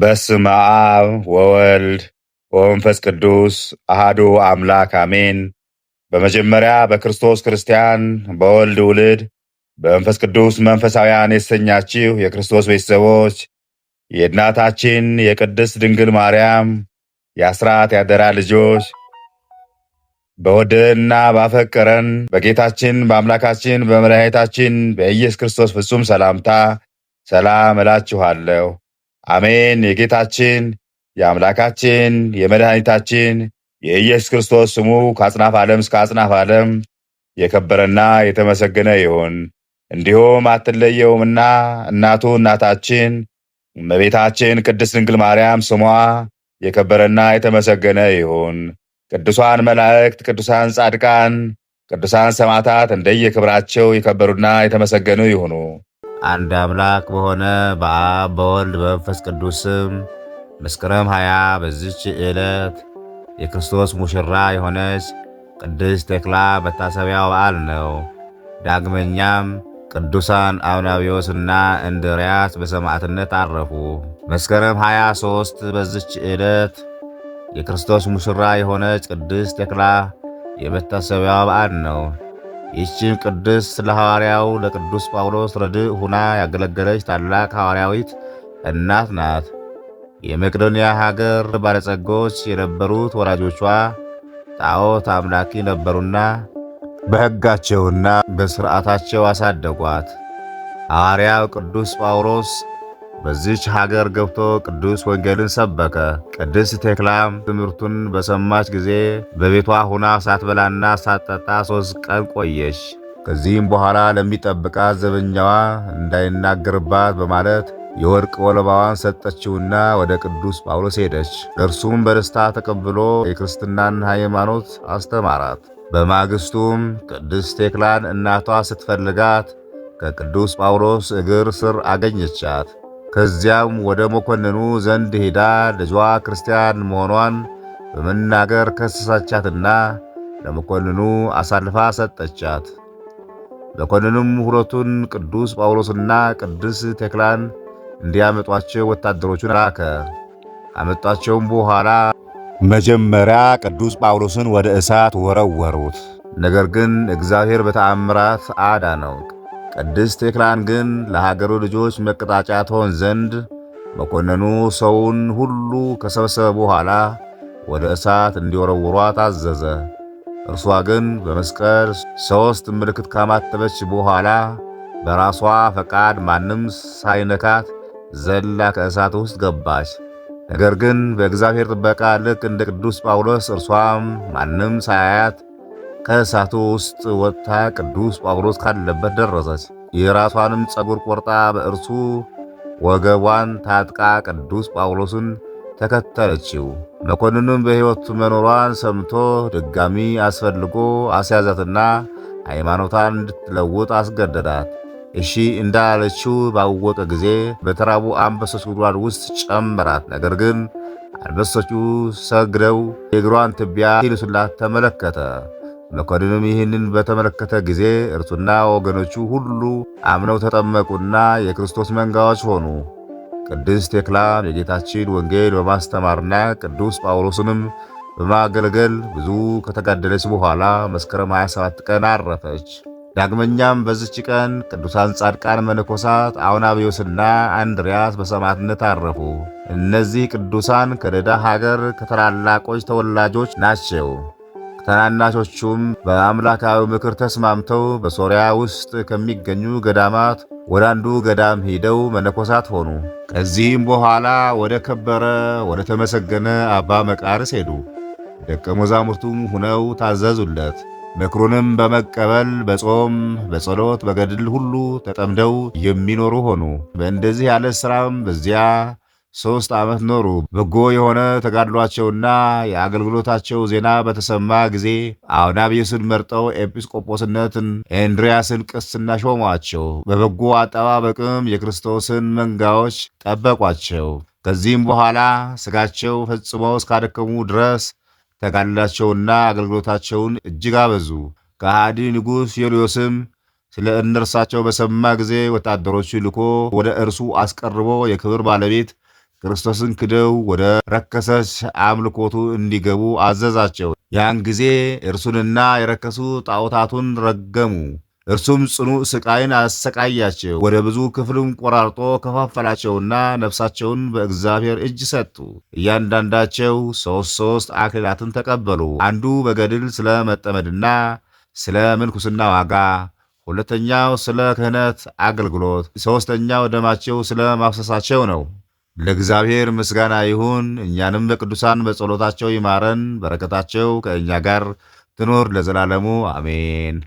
በስመ አብ ወወልድ ወመንፈስ ቅዱስ አሃዱ አምላክ አሜን። በመጀመሪያ በክርስቶስ ክርስቲያን በወልድ ውልድ በመንፈስ ቅዱስ መንፈሳውያን የተሰኛችሁ የክርስቶስ ቤተሰቦች የእናታችን የቅድስት ድንግል ማርያም የአስራት ያደራ ልጆች በወደደንና ባፈቀረን በጌታችን በአምላካችን በመድኃኒታችን በኢየሱስ ክርስቶስ ፍጹም ሰላምታ ሰላም እላችኋለሁ። አሜን። የጌታችን የአምላካችን የመድኃኒታችን የኢየሱስ ክርስቶስ ስሙ ከአጽናፍ ዓለም እስከ አጽናፍ ዓለም የከበረና የተመሰገነ ይሁን። እንዲሁም አትለየውምና እናቱ እናታችን እመቤታችን ቅድስት ድንግል ማርያም ስሟ የከበረና የተመሰገነ ይሁን። ቅዱሳን መላእክት፣ ቅዱሳን ጻድቃን፣ ቅዱሳን ሰማዕታት እንደየክብራቸው የከበሩና የተመሰገኑ ይሁኑ። አንድ አምላክ በሆነ በአብ በወልድ በመንፈስ ቅዱስም መስከረም ሃያ በዚች ዕለት የክርስቶስ ሙሽራ የሆነች ቅድስት ቴክላ መታሰቢያው በዓል ነው። ዳግመኛም ቅዱሳን አብናብዮስና እንድርያስ በሰማዕትነት አረፉ። መስከረም 23 በዚች ዕለት የክርስቶስ ሙሽራ የሆነች ቅድስት ቴክላ የመታሰቢያው በዓል ነው። ይህችን ቅድስት ስለ ሐዋርያው ለቅዱስ ጳውሎስ ረድእ ሁና ያገለገለች ታላቅ ሐዋርያዊት እናት ናት። የመቄዶንያ ሀገር ባለጸጎች የነበሩት ወላጆቿ ጣዖት አምላኪ ነበሩና በሕጋቸውና በሥርዓታቸው አሳደጓት። ሐዋርያው ቅዱስ ጳውሎስ በዚች ሀገር ገብቶ ቅዱስ ወንጌልን ሰበከ። ቅድስት ቴክላም ትምህርቱን በሰማች ጊዜ በቤቷ ሁና ሳትበላና ሳትጠጣ ሦስት ቀን ቆየች። ከዚህም በኋላ ለሚጠብቃት ዘበኛዋ እንዳይናገርባት በማለት የወርቅ ወለባዋን ሰጠችውና ወደ ቅዱስ ጳውሎስ ሄደች። እርሱም በደስታ ተቀብሎ የክርስትናን ሃይማኖት አስተማራት። በማግስቱም ቅድስት ቴክላን እናቷ ስትፈልጋት ከቅዱስ ጳውሎስ እግር ስር አገኘቻት። ከዚያም ወደ መኮንኑ ዘንድ ሄዳ ልጇ ክርስቲያን መሆኗን በመናገር ከሰሳቻትና ለመኮንኑ አሳልፋ ሰጠቻት። መኮንኑም ሁለቱን ቅዱስ ጳውሎስና ቅዱስ ቴክላን እንዲያመጧቸው ወታደሮቹን ላከ። አመጧቸውም በኋላ መጀመሪያ ቅዱስ ጳውሎስን ወደ እሳት ወረወሩት። ነገር ግን እግዚአብሔር በተአምራት አዳነው። ቅድስት ቴክላን ግን ለሀገሩ ልጆች መቀጣጫ ትሆን ዘንድ መኮንኑ ሰውን ሁሉ ከሰበሰበ በኋላ ወደ እሳት እንዲወረውሯት አዘዘ። እርሷ ግን በመስቀል ሦስት ምልክት ካማተበች በኋላ በራሷ ፈቃድ ማንም ሳይነካት ዘላ ከእሳት ውስጥ ገባች። ነገር ግን በእግዚአብሔር ጥበቃ ልክ እንደ ቅዱስ ጳውሎስ እርሷም ማንም ሳያያት ከእሳቱ ውስጥ ወጥታ ቅዱስ ጳውሎስ ካለበት ደረሰች። የራሷንም ፀጉር ቆርጣ በእርሱ ወገቧን ታጥቃ ቅዱስ ጳውሎስን ተከተለችው። መኮንኑም በሕይወት መኖሯን ሰምቶ ድጋሚ አስፈልጎ አስያዛትና ሃይማኖቷን እንድትለውጥ አስገደዳት። እሺ እንዳለችው ባወቀ ጊዜ በተራቡ አንበሶች ጉድጓድ ውስጥ ጨመራት። ነገር ግን አንበሶቹ ሰግደው የእግሯን ትቢያ ሲልሱላት ተመለከተ። መኮንንም ይህንን በተመለከተ ጊዜ እርሱና ወገኖቹ ሁሉ አምነው ተጠመቁና የክርስቶስ መንጋዎች ሆኑ። ቅድስት ቴክላ የጌታችን ወንጌል በማስተማርና ቅዱስ ጳውሎስንም በማገልገል ብዙ ከተጋደለች በኋላ መስከረም 27 ቀን አረፈች። ዳግመኛም በዚች ቀን ቅዱሳን ጻድቃን መነኮሳት አውናብዮስና አንድሪያስ በሰማዕትነት አረፉ። እነዚህ ቅዱሳን ከደዳ ሀገር ከተላላቆች ተወላጆች ናቸው። ታናናሾቹም በአምላካዊ ምክር ተስማምተው በሶርያ ውስጥ ከሚገኙ ገዳማት ወደ አንዱ ገዳም ሄደው መነኮሳት ሆኑ። ከዚህም በኋላ ወደ ከበረ ወደ ተመሰገነ አባ መቃርስ ሄዱ። ደቀ መዛሙርቱም ሁነው ታዘዙለት። ምክሩንም በመቀበል በጾም በጸሎት፣ በገድል ሁሉ ተጠምደው የሚኖሩ ሆኑ። በእንደዚህ ያለ ሥራም በዚያ ሦስት ዓመት ኖሩ። በጎ የሆነ ተጋድሏቸውና የአገልግሎታቸው ዜና በተሰማ ጊዜ አውናብዮስን መርጠው ኤጲስቆጶስነትን፣ ኤንድሪያስን ቅስና ሾሟቸው። በበጎ አጠባበቅም የክርስቶስን መንጋዎች ጠበቋቸው። ከዚህም በኋላ ሥጋቸው ፈጽመው እስካደከሙ ድረስ ተጋድላቸውና አገልግሎታቸውን እጅግ አበዙ። ከሃዲ ንጉሥ ዮልዮስም ስለ እነርሳቸው በሰማ ጊዜ ወታደሮቹ ልኮ ወደ እርሱ አስቀርቦ የክብር ባለቤት ክርስቶስን ክደው ወደ ረከሰች አምልኮቱ እንዲገቡ አዘዛቸው። ያን ጊዜ እርሱንና የረከሱ ጣዖታቱን ረገሙ። እርሱም ጽኑ ስቃይን አሰቃያቸው። ወደ ብዙ ክፍልም ቆራርጦ ከፋፈላቸውና ነፍሳቸውን በእግዚአብሔር እጅ ሰጡ። እያንዳንዳቸው ሦስት ሦስት አክሊላትን ተቀበሉ። አንዱ በገድል ስለ መጠመድና ስለ ምንኩስና ዋጋ፣ ሁለተኛው ስለ ክህነት አገልግሎት፣ ሦስተኛው ደማቸው ስለ ማፍሰሳቸው ነው። ለእግዚአብሔር ምስጋና ይሁን። እኛንም በቅዱሳን በጸሎታቸው ይማረን፣ በረከታቸው ከእኛ ጋር ትኖር ለዘላለሙ አሜን።